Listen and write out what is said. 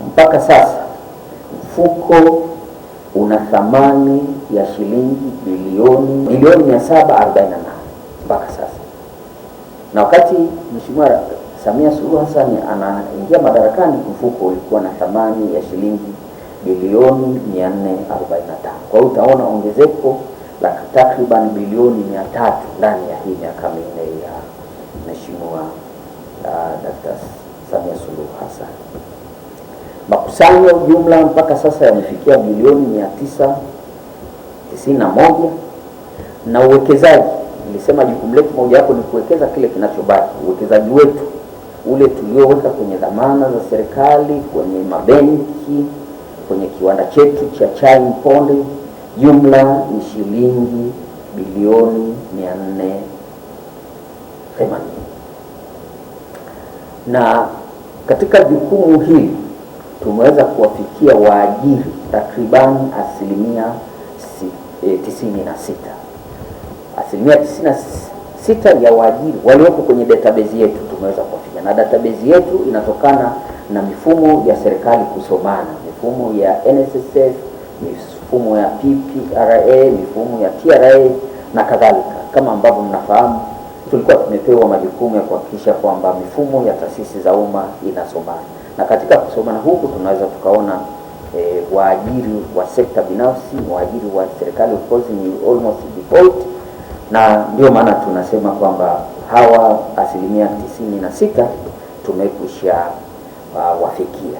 Mpaka sasa mfuko una thamani ya shilingi bilioni bilioni 748 mpaka sasa, na wakati Mheshimiwa Samia Suluhu Hassan anaingia madarakani mfuko ulikuwa na thamani ya shilingi bilioni 445. Kwa hiyo utaona ongezeko la takriban bilioni 300 ndani ya hii miaka minne ya Mheshimiwa uh, Dkt. Samia Suluhu Hassan. Makusanyo jumla mpaka sasa yamefikia bilioni 991 na uwekezaji, nilisema jukumu letu moja wapo ni kuwekeza kile kinachobaki. Uwekezaji wetu ule tulioweka kwenye dhamana za serikali, kwenye mabenki, kwenye kiwanda chetu cha chai Mponde, jumla ni shilingi bilioni themanini na katika jukumu hili tumeweza kuwafikia waajiri takribani asilimia si, e, tisini na sita. Asilimia tisini na sita ya waajiri walioko kwenye database yetu tumeweza kuwafikia, na database yetu inatokana na mifumo ya serikali kusomana, mifumo ya NSSF, mifumo ya PPRA, mifumo ya TRA na kadhalika, kama ambavyo mnafahamu tulikuwa tumepewa majukumu ya kuhakikisha kwamba mifumo ya taasisi za umma inasomana, na katika kusomana huku tunaweza tukaona e, waajiri wa sekta binafsi, waajiri wa serikali of course ni almost default, na ndio maana tunasema kwamba hawa asilimia tisini na sita tumekwisha uh, ah, wafikia.